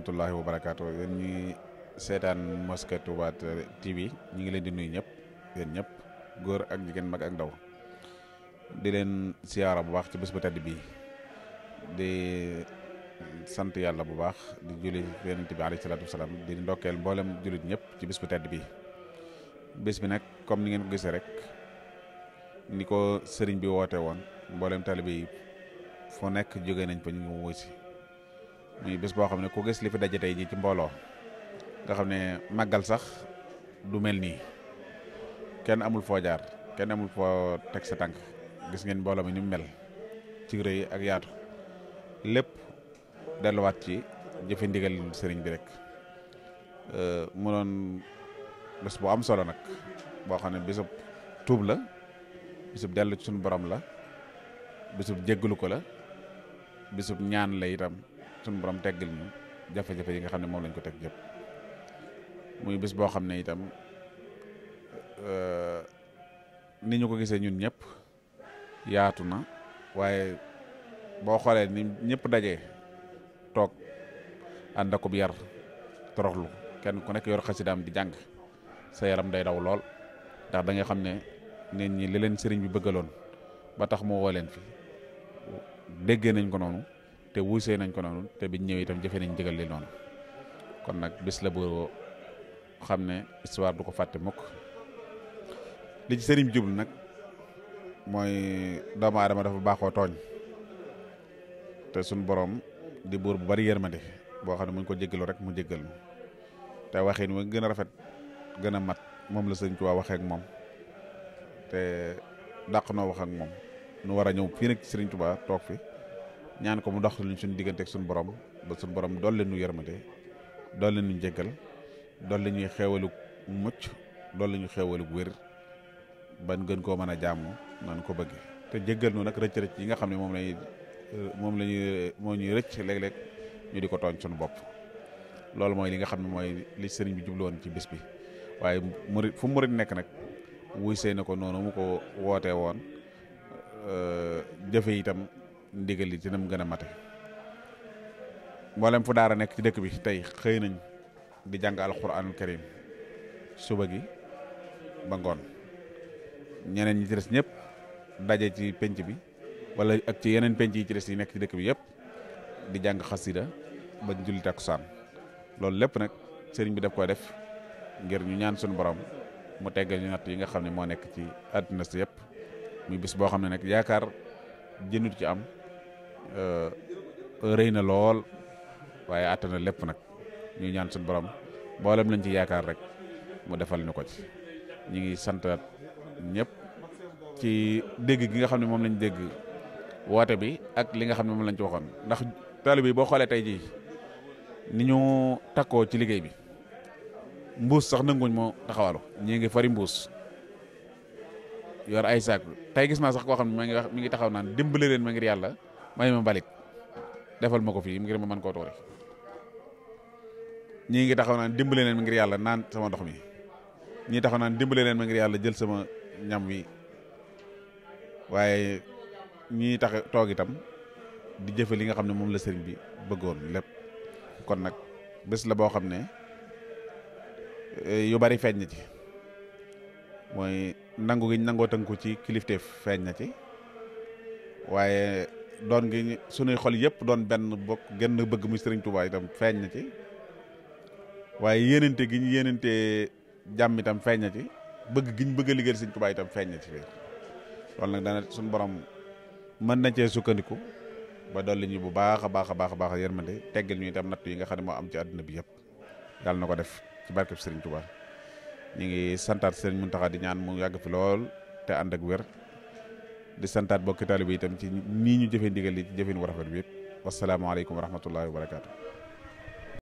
rahmatullahi wa barakaatu yéen ñuy seetaan Mosquée Touba TV ñu ngi leen di nuyu ñëpp yéen ñëpp góor ak jigéen mag ak ndaw di leen siyaara bu baax ci bis bu tedd bii di sant yàlla bu baax di julli yonent bi alayhi salaatu wasalaam di ndokkeel mboolem jullit ñëpp ci bis bu tedd bii bés bi nag comme ni ngeen ko gisee rek ni ko sëriñ bi woote woon mboolem taalibe yi foo nekk jóge nañ fa ñu ngi wuy muy bés boo xam ne ku gis li fi daje tey ji ci mbooloo nga ne màggal sax du mel nii kenn amul foo jaar kenn amul foo teg sa tànk gis mbooloo mi ni mu mel ci rëy ak yaatu lépp delluwaat ci jëfe ndigal bi rek euh, mu doon bés am solo nag boo xam ne bésub tuub la bésub dellu ci suñu borom la bésub jéggalu ko la bésub ñaan la itam sunu borom teggal ñu jafe-jafe yi nga xam ne moom lañ ko teg yëpp muy bis boo xam ne itam euh, ni ñu ko gisee ñun ñëpp yaatu na waaye boo xoolee ni ñëpp daje toog ànd akub yar toroxlu kenn ku nekk yor xasidaam di jàng sa yaram day daw lool ndax da xam ne nit ñi li leen sëriñ bi bëggaloon ba tax mu woo leen fi déggee nañ ko noonu. te wuusee nañ ko noonu te biñ ñëwee itam jëfe nañ jëgal li noonu kon nag bis la boo xam ne histoire du ko fàtte mukk li ci sëriñ jublu nag mooy doomu aadama dafa baaxoo tooñ te suñ boroom di buur bu bari yërmande boo xam ne muñ ko jéggalu rek mu jéggal mu te waxin wi gën a rafet gën a mat moom la sëriñ Tuubaa waxee ak moom te dàq noo wax ak moom nu war a ñëw fii nag ci sëriñ Tuubaa toog fi ñaan ko mu ndox luñ suñu diggante ak suñu borom ba suñ borom dolli nu yërmate dolli nu njëggal dolli ñuy xeewalug mucc dolli ñu xeewalug wér ban gën koo mën a jaamu nan ko bëgge te jéggal nu nag rëcc-rëcc yi nga xam ne moom lay moom la moo ñuy rëcc léeg-léeg ñu di ko tooñ suñu bopp loolu mooy li nga xam ne mooy li sëriñ bi jublu ci bis bi waaye murit fu murit nekk nag wuy see ko noonu mu ko wootee woon euh, jëfe itam ndigal li dina mu gën a mate mboolem fu daara nekk ci dëkk bi tey xëy nañ di jàng alxuraanul karim suba gi ba ngoon ñeneen ñi ci des ñëpp daje ci penc bi wala ak ci yeneen penc yi ci des yi nekk ci dëkk bi yëpp di jàng xasida ba julli takkusaan loolu lépp nag sëriñ bi def koy def ngir ñu ñaan sunu borom mu teggal ñu natt yi nga xam ne moo nekk ci àdduna si yëpp muy bis boo xam ne nag yaakaar jëndut ci am Euh, euh, rëy na lool waaye àttan na lépp nag ñu ñaan suñ borom boolem lañ ci yaakaar rek mu defal ñu ko ci ñu ngi santaat ñëpp ci dégg gi nga xam ne moom lañ dégg woote bi ak li nga xam ne moom lañ ci waxoon ndax taalibe bi boo xoolee tey jii ni ñu takkoo ci liggéey bi mbuus sax nanguñ moo taxawalu ñii ngi fari mbuus yor ay saako tey gis naa sax koo xam ne mi ngi wax ngi taxaw naan dimbale leen ma ngir yàlla may ma mbalit defal ma ko fii ngir ma man koo toori ñii ngi taxaw naan dimbale leen ngir yàlla naan sama ndox mi ñii taxaw naan ma ngir yàlla jël sama ñam wi waaye ñii tax toog itam di jëfe li nga xam ne moom la sëriñ bi bëggoon lépp kon nag bés la boo xam ne eh, yu bari feeñ na ci mooy nangu gi nangoo tënku ci kilifteef feeñ na ci waaye doon ngi sunuy xol yëpp doon benn bokk genn bëgg muy sëriñ Touba itam feeñ na ci waaye yéenante gi ñu yéenante jàmm itam feeñ ci bëgg gi bëgg a liggéeyal sëriñ Touba feeñ na ci loolu nag dana suñu borom mën na cee sukkandiku ba dolli ñu bu baax a baax a baax a baax yërmande teggal ñu itam natt yi nga xam ne moo am ci àdduna bi yëpp yàlla na ko def ci barkeb sëriñ Touba ñu ngi santaat sëriñ Mountakha di ñaan mu yàgg fi lool te ànd ak wér. di santaat bokki taalibe itam ci nii ñu jëfe ndigal li ci jëfin wu rafet bi yëpp wasalaamaaleykum wa rahmatullahi wa barakaatu.